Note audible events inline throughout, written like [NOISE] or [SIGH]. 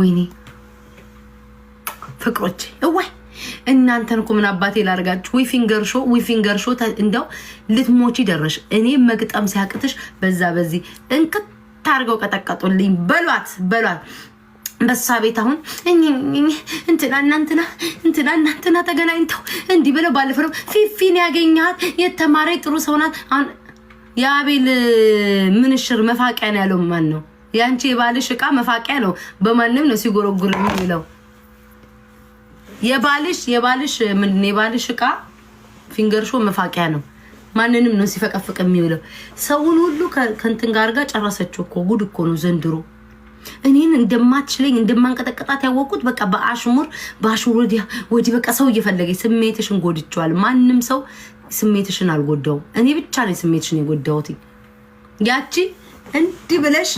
ወይኔ ፍቅሮች እወይ እናንተን እኮ ምን አባቴ ላርጋችሁ? ዊ ፊንገር ሾ ዊ ፊንገር ሾ እንደው ልትሞቺ ደረሽ። እኔ መግጠም ሲያቅትሽ በዛ በዚህ እንቅት ታርገው ቀጠቀጡልኝ። በሏት በሏት በሳ ቤት አሁን እንትና እናንትና እንትና እናንትና ተገናኝተው እንዲህ ብለው ባለፈው ፊፊን ያገኘሃት የተማረ ጥሩ ሰው ናት። አሁን የአቤል ምንሽር መፋቂያ ነው ያለው ማን ነው? ያንቺ የባልሽ እቃ መፋቂያ ነው። በማንም ነው ሲጎረጉር የሚለው የባልሽ የባልሽ ምንድን የባልሽ እቃ ፊንገር ሾ መፋቂያ ነው። ማንንም ነው ሲፈቀፍቅ የሚውለው። ሰውን ሁሉ ከንትን ጋር ጋር ጨረሰችው እኮ ጉድ እኮ ነው ዘንድሮ። እኔን እንደማትችለኝ እንደማንቀጠቀጣት ያወቁት በቃ በአሽሙር በአሽሙር ወዲያ ወዲህ በቃ ሰው እየፈለገኝ ስሜትሽን ጎድቸዋል። ማንም ሰው ስሜትሽን አልጎዳውም። እኔ ብቻ ነኝ ስሜትሽን የጎዳውት ያቺ እንዲህ ብለሽ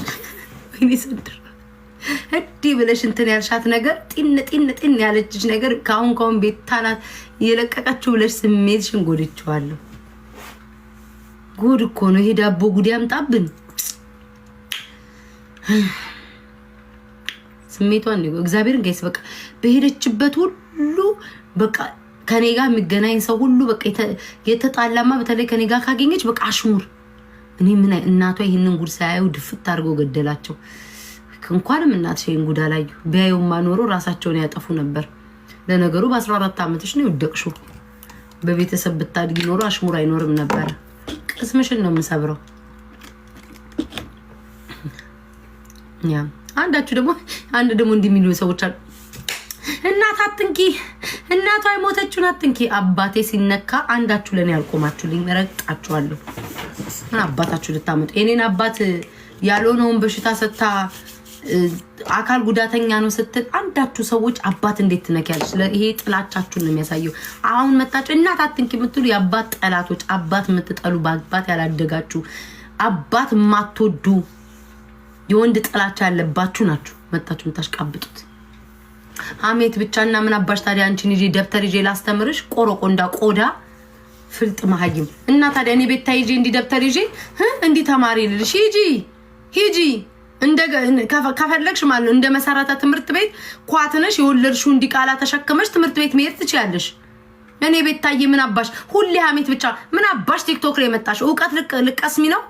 ወይኔ ሰድራ እንዲህ ብለሽ እንትን ያልሻት ነገር ጢን ጢን ጢን ያለችሽ ነገር ከአሁን ከአሁን የለቀቀችው ብለሽ ስሜትሽን ጎድቼዋለሁ። ጉድ እኮ ነው ይሄ ዳቦ ጉድ ያምጣብን። ስሜቷን ነው እግዚአብሔርን ጋይስ በቃ በሄደችበት ሁሉ በቃ ከኔ ጋር የሚገናኝ ሰው ሁሉ በቃ የተጣላማ በተለይ ከኔ ጋር ካገኘች በቃ አሽሙር እኔ ምን እናቷ ይህንን ጉድ ሳያዩ ድፍት አድርጎ ገደላቸው። እንኳንም እናት ይህን ጉድ አላዩ። ቢያዩማ ኖሮ ራሳቸውን ያጠፉ ነበር። ለነገሩ በ14 ዓመትሽ ነው የወደቅሽው። በቤተሰብ ብታድጊ ኖሮ አሽሙር አይኖርም ነበረ። ቅስምሽን ነው የምሰብረው። አንዳችሁ ደግሞ አንድ ደግሞ እንዲሚሉ ሰዎች አሉ። እናት አትንኪ፣ እናቷ የሞተችውን አትንኪ። አባቴ ሲነካ አንዳችሁ ለእኔ ያልቆማችሁልኝ ረግጣችኋለሁ። ምን አባታችሁ ልታመጡ የኔን አባት ያልሆነውን በሽታ ሰታ አካል ጉዳተኛ ነው ስትል አንዳችሁ ሰዎች አባት እንዴት ትነኪያለች? ይሄ ጥላቻችሁን ነው የሚያሳየው። አሁን መጣችሁ እናት አትንኪ የምትሉ የአባት ጠላቶች፣ አባት የምትጠሉ፣ በአባት ያላደጋችሁ፣ አባት የማትወዱ የወንድ ጥላቻ ያለባችሁ ናችሁ። መጣችሁ የምታሽቃብጡት ሀሜት ብቻ እና ምን አባሽ ታዲያ አንቺን ይዤ ደብተር ይዤ ላስተምርሽ ቆረቆ እንዳ ቆዳ ፍልጥ መሀይም እና ታዲያ እኔ ቤታ ይዤ እንዲህ ደብተር ይዤ እንዲህ ተማሪ ልልሽ ሂጂ ሂጂ ከፈለግሽ ማለት ነው። እንደ መሰረተ ትምህርት ቤት ኳትነሽ የወለድሽው እንዲቃላ ተሸክመሽ ትምህርት ቤት መሄድ ትችያለሽ። እኔ ቤታዬ ምን አባሽ ሁሌ ሀሜት ብቻ ምን አባሽ ቲክቶክ ላይ የመጣሽ እውቀት ልቀስሚ ነው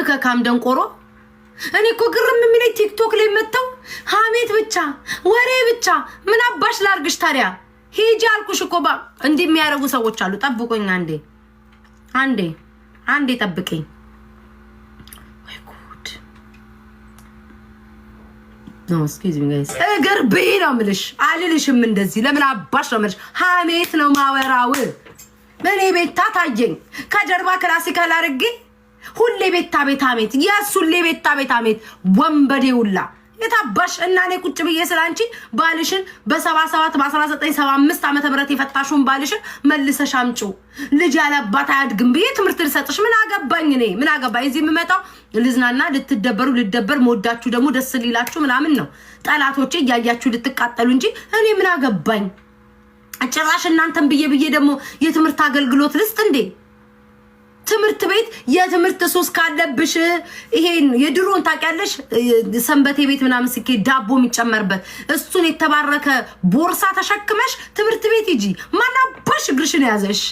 እከካም ደንቆሮ። እኔ እኮ ግርም የሚለኝ ቲክቶክ ላይ መጥተው ሀሜት ብቻ ወሬ ብቻ ምን አባሽ ላርግሽ ታዲያ ሂጂ አልኩሽ እኮ ባ እንዲህ የሚያደርጉ ሰዎች አሉ። ጠብቁኝ አንዴ አንዴ አንዴ ጠብቅኝ። ወይ ጉድ! እግር ብይ ነው የምልሽ፣ አልልሽም እንደዚህ። ለምን አባሽ ነው የምልሽ? ሀሜት ነው ማወራው። እኔ ቤታ ታየኝ ከጀርባ ክላሲካል አድርጌ ሁሌ ቤታ ቤት ሀሜት፣ የሱሌ ቤታ ቤት ሀሜት ወንበዴ ውላ የታባሽ እና እኔ ቁጭ ብዬ ስለ አንቺ ባልሽን በ77 በ19 75 ዓመተ ምህረት የፈታሽውን ባልሽን መልሰሽ አምጪው ልጅ ያለባት አያድግም ብዬ ትምህርት ልሰጥሽ ምን አገባኝ? እኔ ምን አገባኝ? እዚህ የምመጣው ልዝናና ልትደበሩ ልደበር መወዳችሁ ደግሞ ደስ ሊላችሁ ምናምን ነው። ጠላቶቼ እያያችሁ ልትቃጠሉ እንጂ እኔ ምን አገባኝ? ጭራሽ እናንተን ብዬ ብዬ ደግሞ የትምህርት አገልግሎት ልስጥ እንዴ? ትምህርት ቤት የትምህርት ሶስ ካለብሽ ይሄን የድሮን ታውቂያለሽ፣ ሰንበቴ ቤት ምናምን ስኬ ዳቦ የሚጨመርበት እሱን የተባረከ ቦርሳ ተሸክመሽ ትምህርት ቤት ሂጂ። ማናባሽ እግርሽን ያዘሽ።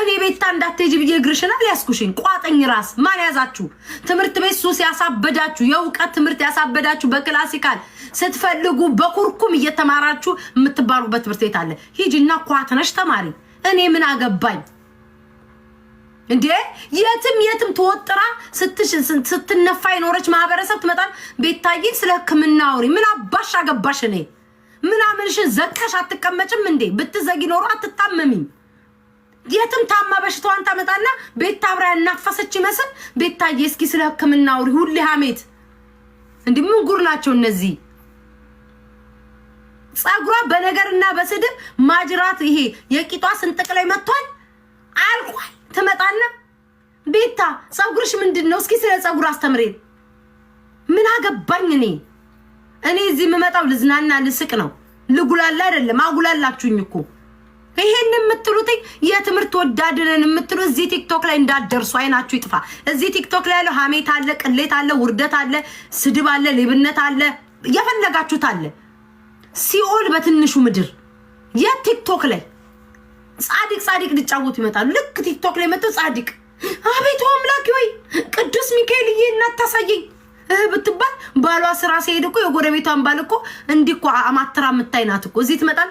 እኔ ቤታ እንዳትሄጂ ብዬ እግርሽን አልያዝኩሽኝ። ቋጠኝ ራስ ማን ያዛችሁ? ትምህርት ቤት ሱስ ያሳበዳችሁ፣ የእውቀት ትምህርት ያሳበዳችሁ፣ በክላሲካል ስትፈልጉ በኩርኩም እየተማራችሁ የምትባሩበት ትምህርት ቤት አለ። ሂጂና ኳትነሽ ተማሪ። እኔ ምን አገባኝ? እንዴ የትም የትም ተወጥራ ስትሽን ስትነፋ የኖረች ማህበረሰብ ትመጣል። ቤታዬ ስለ ሕክምና አውሪ። ምን አባሽ አገባሽ? እኔ ምናምንሽን ዘግተሽ አትቀመጭም እንዴ? ብትዘጊ ኖሮ አትታመሚም። የትም ታማ በሽታዋን ታመጣና ቤት አብራ ያናፈሰች ይመስል ቤታዬ እስኪ ስለ ሕክምና አውሪ። ሁሌ ሀሜት። እንዲህ ምን ጉር ናቸው እነዚህ? ጸጉሯ በነገርና በስድብ ማጅራት ይሄ የቂጧ ስንጥቅ ላይ መጥቷል። አልቋል ትመጣለ። ቤታ ፀጉርሽ ምንድን ነው? እስኪ ስለ ፀጉር አስተምሬን። ምን አገባኝ እኔ እኔ እዚህ የምመጣው ልዝናና ልስቅ ነው። ልጉላላ አይደለም። አጉላላችሁኝ እኮ ይሄን የምትሉት የትምህርት ወዳድነን የምትሉ እዚህ ቲክቶክ ላይ እንዳትደርሱ፣ አይናችሁ ይጥፋ። እዚህ ቲክቶክ ላይ ያለው ሀሜት አለ፣ ቅሌት አለ፣ ውርደት አለ፣ ስድብ አለ፣ ሌብነት አለ፣ የፈለጋችሁት አለ። ሲኦል በትንሹ ምድር የቲክቶክ ላይ ጻድቅ ጻድቅ ሊጫወቱ ይመጣሉ። ልክ ቲክቶክ ላይ መጥተው ጻድቅ አቤቱ አምላኬ ወይ ቅዱስ ሚካኤልዬ እናታሳየኝ እህ ብትባል ባሏ ስራ ሲሄድ እኮ የጎረቤቷን ባል እኮ እንዲህ እኮ አማትራ የምታይ ናት እኮ እዚህ ትመጣል።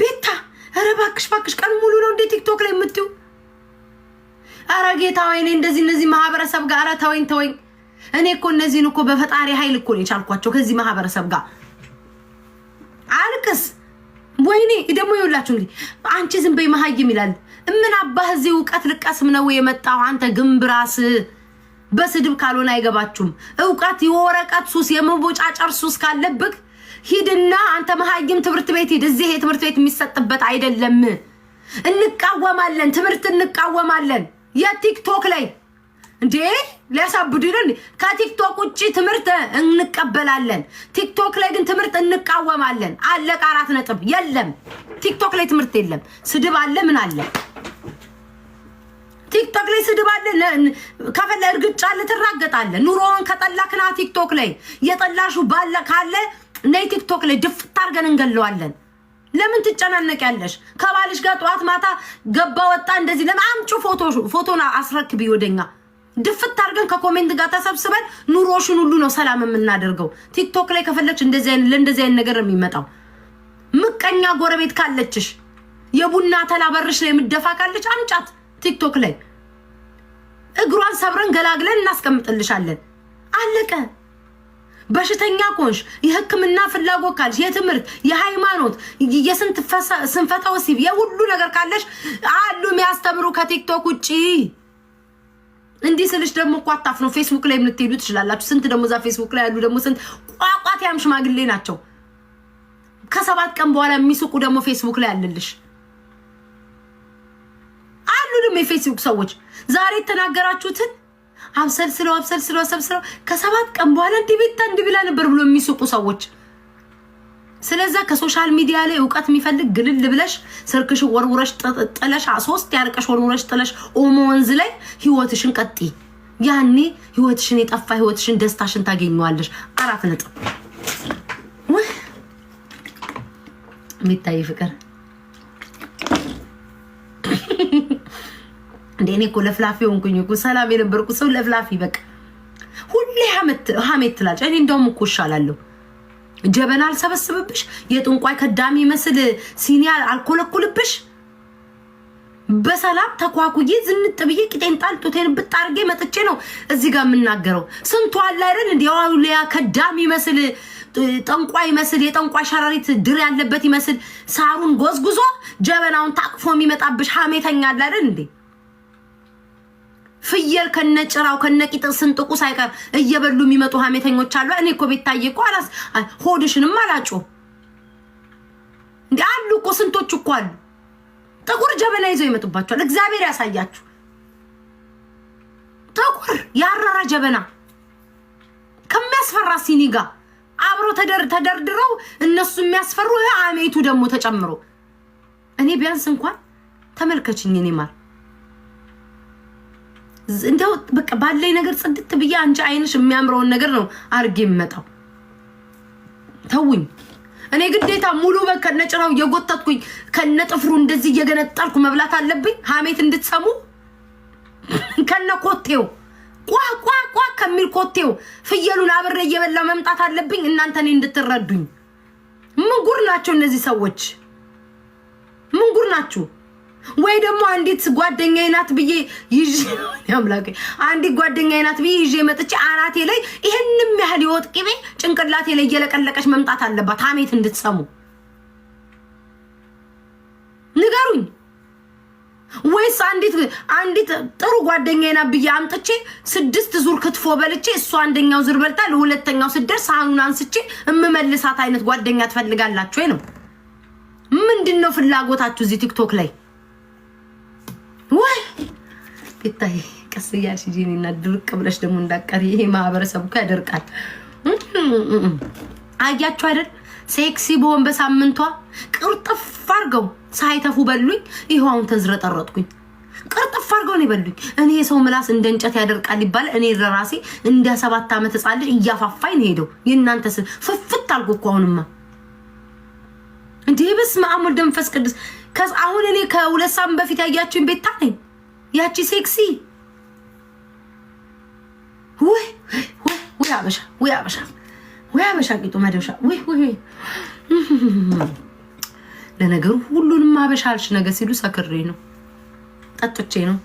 ቤታ ኧረ እባክሽ እባክሽ ቀን ሙሉ ነው እንዴ ቲክቶክ ላይ የምትዩ? ኧረ ጌታ ወይኔ እንደዚህ እነዚህ ማህበረሰብ ጋር ኧረ ተወኝ ተወኝ። እኔ እኮ እነዚህን እኮ በፈጣሪ ኃይል እኮ ነው የቻልኳቸው ከዚህ ማህበረሰብ ጋር አልቅስ ወይኔ ደግሞ ይውላችሁ እንግዲህ አንቺ ዝም በይ መሀይም ይላል። ምን አባህ እዚህ እውቀት ልቀስም ነው የመጣው? አንተ ግንብራስ በስድብ ካልሆነ አይገባችሁም። እውቀት የወረቀት ሱስ የመቦጫጨር ሱስ ካለብህ ሂድና አንተ መሀይም ትምህርት ቤት ሂድ። እዚህ የትምህርት ቤት የሚሰጥበት አይደለም። እንቃወማለን፣ ትምህርት እንቃወማለን። የቲክቶክ ላይ እንዴ ሊያሳብዱልን ከቲክቶክ ውጭ ትምህርት እንቀበላለን። ቲክቶክ ላይ ግን ትምህርት እንቃወማለን። አለቀ። አራት ነጥብ። የለም ቲክቶክ ላይ ትምህርት የለም። ስድብ አለ። ምን አለ? ቲክቶክ ላይ ስድብ አለ። ከፈለ እርግጫ አለ። ኑሮውን ከጠላክና ቲክቶክ ላይ የጠላሹ ባለ ካለ ነይ ቲክቶክ ላይ ድፍት እንገለዋለን። ለምን ትጨናነቂያለሽ? ከባልሽ ጋር ጠዋት ማታ ገባ ወጣ እንደዚህ ለምን አምጪው ፎቶ አስረክቢ ወደኛ ድፍት አድርገን ከኮሜንት ጋር ተሰብስበን ኑሮሽን ሁሉ ነው ሰላም የምናደርገው። ቲክቶክ ላይ ከፈለግሽ ለእንደዚህ አይነት ነገር የሚመጣው ምቀኛ ጎረቤት ካለችሽ የቡና ተላበርሽ ላይ የምደፋ ካለች አምጫት። ቲክቶክ ላይ እግሯን ሰብረን ገላግለን እናስቀምጥልሻለን። አለቀ። በሽተኛ ኮንሽ፣ የህክምና ፍላጎት ካለሽ፣ የትምህርት፣ የሃይማኖት፣ የስንት ስንፈታ ወሲብ፣ የሁሉ ነገር ካለሽ አሉ የሚያስተምሩ ከቲክቶክ ውጭ እንዲህ ስልሽ ደግሞ እኮ አታፍ ነው። ፌስቡክ ላይ የምትሄዱ ትችላላችሁ። ስንት ደግሞ እዛ ፌስቡክ ላይ ያሉ ደግሞ ስንት ቋቋት ያም ሽማግሌ ናቸው። ከሰባት ቀን በኋላ የሚስቁ ደግሞ ፌስቡክ ላይ አለልሽ አሉንም የፌስቡክ ሰዎች ዛሬ የተናገራችሁትን አብሰልስለው አብሰልስለው አብሰልስለው ከሰባት ቀን በኋላ እንዲህ ቤታ እንዲህ ብላ ነበር ብሎ የሚስቁ ሰዎች ስለዛ ከሶሻል ሚዲያ ላይ እውቀት የሚፈልግ ግልል ብለሽ ስርክሽ ወርውረሽ ጥለሽ ሶስት ያርቀሽ ወርውረሽ ጥለሽ ኦሞ ወንዝ ላይ ህይወትሽን ቀጢ። ያኔ ህይወትሽን የጠፋ ህይወትሽን ደስታሽን ታገኘዋለሽ። አራት ነጥብ የሚታይ ፍቅር [LAUGHS] እንደ እኔ እኮ ለፍላፊ ሆንኩኝ እኮ ሰላም የነበርኩ ሰው ለፍላፊ በቃ ሁሌ ሀሜት ትላለች። እኔ እንደውም እኮ እሻላለሁ ጀበና አልሰበስብብሽ፣ የጥንቋይ ከዳሚ መስል ሲኒ አልኮለኩልብሽ። በሰላም ተኳኩዬ ዝንጥ ብዬ ቂጤን ጣል ጡቴን ብጣርጌ መጥቼ ነው እዚህ ጋር የምናገረው። ስንቱ አለ አይደል እንዲ ዋሉያ ከዳሚ መስል ጠንቋይ ይመስል የጠንቋይ ሸረሪት ድር ያለበት ይመስል ሳሩን ጎዝጉዞ ጀበናውን ታቅፎ የሚመጣብሽ ሀሜተኛ አለ አይደል እንዴ? ፍየል ከነጭራው ከነቂጥ ስንጥቁ ሳይቀር እየበሉ የሚመጡ ሀሜተኞች አሉ። እኔ እኮ ቤታዬ እኮ አላስ ሆድሽንም አላጩ እንዲ አሉ እኮ ስንቶች እኮ አሉ። ጥቁር ጀበና ይዘው ይመጡባቸዋል። እግዚአብሔር ያሳያችሁ። ጥቁር ያረረ ጀበና ከሚያስፈራ ሲኒ ጋር አብሮ ተደርድረው እነሱ የሚያስፈሩ አሜቱ ደግሞ ተጨምሮ እኔ ቢያንስ እንኳን ተመልከችኝ እኔ ማር እንደው በቃ ባለኝ ነገር ጽድት ብዬ አንቺ አይንሽ የሚያምረውን ነገር ነው አርጌ የምመጣው። ተውኝ። እኔ ግዴታ ሙሉ በግ ከነጭራው እየጎተትኩኝ ከነ ጥፍሩ እንደዚህ እየገነጠልኩ መብላት አለብኝ፣ ሀሜት እንድትሰሙ ከነ ኮቴው ቋቋቋ ከሚል ኮቴው ፍየሉን አብሬ እየበላ መምጣት አለብኝ። እናንተ እኔ እንድትረዱኝ። ምን ጉር ናቸው እነዚህ ሰዎች? ምን ጉር ናችሁ? ወይ ደግሞ አንዲት ጓደኛዬ ናት ብዬ ይዤ [LAUGHS] አምላኬ አንዲት ጓደኛዬ ናት ብዬ ይዤ መጥቼ አናቴ ላይ ይህንም ያህል የወጥ ቅቤ ጭንቅላቴ ላይ እየለቀለቀች መምጣት አለባት። ሀሜት እንድትሰሙ ንገሩኝ። ወይስ አንዲት አንዲት ጥሩ ጓደኛዬ ናት ብዬ አምጥቼ ስድስት ዙር ክትፎ በልቼ እሱ አንደኛው ዙር በልታ ለሁለተኛው ስደርስ ሳህኑን አንስቼ እምመልሳት አይነት ጓደኛ ትፈልጋላችሁ ነው? ምንድን ነው ፍላጎታችሁ እዚህ ቲክቶክ ላይ? ወይ ቤታይ ቀስ እያልሽ ጂኒና ድርቅ ብለሽ ደግሞ እንዳቀሪ። ይሄ ማህበረሰብ እኮ ያደርቃል። አያችሁ አይደል? ሴክሲ በሆን በሳምንቷ ቅርጥፍ አርገው ሳይተፉ በሉኝ። ይኸው አሁን ተዝረጠረጥኩኝ። ቅርጥፍ አርገው ነው ይበሉኝ። እኔ የሰው ምላስ እንደ እንጨት ያደርቃል ይባላል። እኔ ለራሴ እንደ ሰባት ዓመት ህጻን ልጅ እያፋፋኝ ነው ሄደው። የእናንተ ፍፍት አልኩ እኮ አሁንማ እንዲህ ብስ ማአሙል ደንፈስ ቅዱስ አሁን እኔ ከሁለት ሳምንት በፊት ያያችሁኝ ቤታ ነኝ። ያቺ ሴክሲ ውይ አበሻ ውይ አበሻ ውይ አበሻ ቂጡ መደብሻ ለነገሩ ሁሉንም አበሻ አልሽ ሲሉ ሰክሬ ነው ጠጥቼ ነው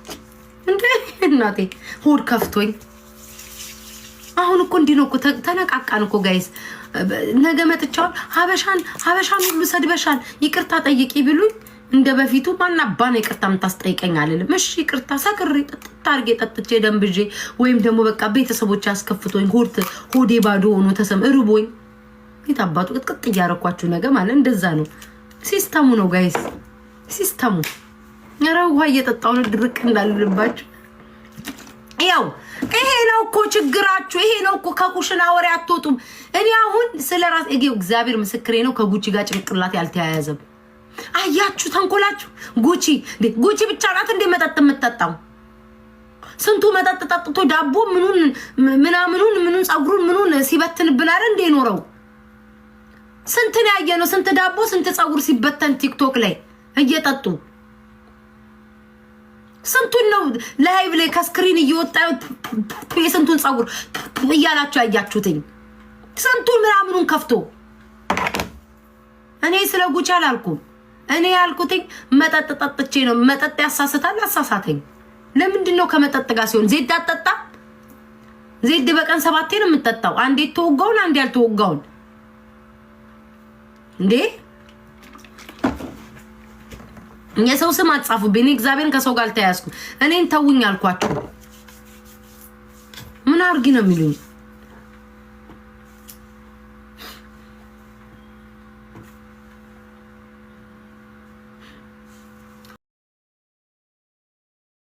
እንደ እናቴ ሆድ ከፍቶኝ አሁን እኮ እንዲህ ነው እኮ ተነቃቃን እኮ ጋይስ። ነገ መጥቻውን ሀበሻን ሀበሻን ሁሉ ሰድበሻን ይቅርታ ጠይቂ ብሉኝ እንደ በፊቱ ማናባን ይቅርታ የምታስጠይቀኝ አልልም። እሺ ይቅርታ ሰክሪ ጥጥት አድርጌ ጠጥቼ ደንብዤ ወይም ደግሞ በቃ ቤተሰቦች ያስከፍቶኝ ሆድ ሆዴ ባዶ ሆኖ ተሰም እርቦኝ ቤት አባቱ ቅጥቅጥ እያረኳችሁ ነገ ማለት እንደዛ ነው። ሲስተሙ ነው ጋይስ ሲስተሙ። ረ ውሃ እየጠጣሁ ድርቅ እንዳልልባችሁ። ያው ይሄ ነው እኮ ችግራችሁ። ይሄ ነው እኮ ከኩሽና ወሬ አትወጡም። እኔ አሁን ስለ ራስ እግዚአብሔር ምስክሬ ነው። ከጉቺ ጋር ጭንቅላት ያልተያያዘም አያችሁ ተንኮላችሁ። ጉቺ ጉቺ ብቻ ናት እንደ መጠጥ የምትጠጣው። ስንቱ መጠጥ ጠጥቶ ዳቦ ምኑን ምናምኑን ምኑን ፀጉሩን ምኑን ሲበትንብን አለ እንደ ኖረው ስንትን ያየ ነው። ስንት ዳቦ ስንት ፀጉር ሲበተን ቲክቶክ ላይ እየጠጡ ስንቱን ነው ላይቭ ላይ ከስክሪን እየወጣ የስንቱን ፀጉር እያላችሁ ያያችሁትኝ ስንቱን ምናምኑን ከፍቶ እኔ ስለ ጉቺ አላልኩም። እኔ ያልኩትኝ መጠጥ ጠጥቼ ነው። መጠጥ ያሳስታል፣ አሳሳተኝ። ለምንድን ነው ከመጠጥ ጋር ሲሆን ዜድ አጠጣ? ዜድ በቀን ሰባቴ ነው የምጠጣው። አንዴ ተወጋውን፣ አንዴ ያልተወጋውን። እንዴ የሰው ስም አጻፉብኝ። እኔ እግዚአብሔርን ከሰው ጋር አልተያያዝኩም። እኔን ተውኝ አልኳቸው። ምን አድርጊ ነው የሚሉኝ?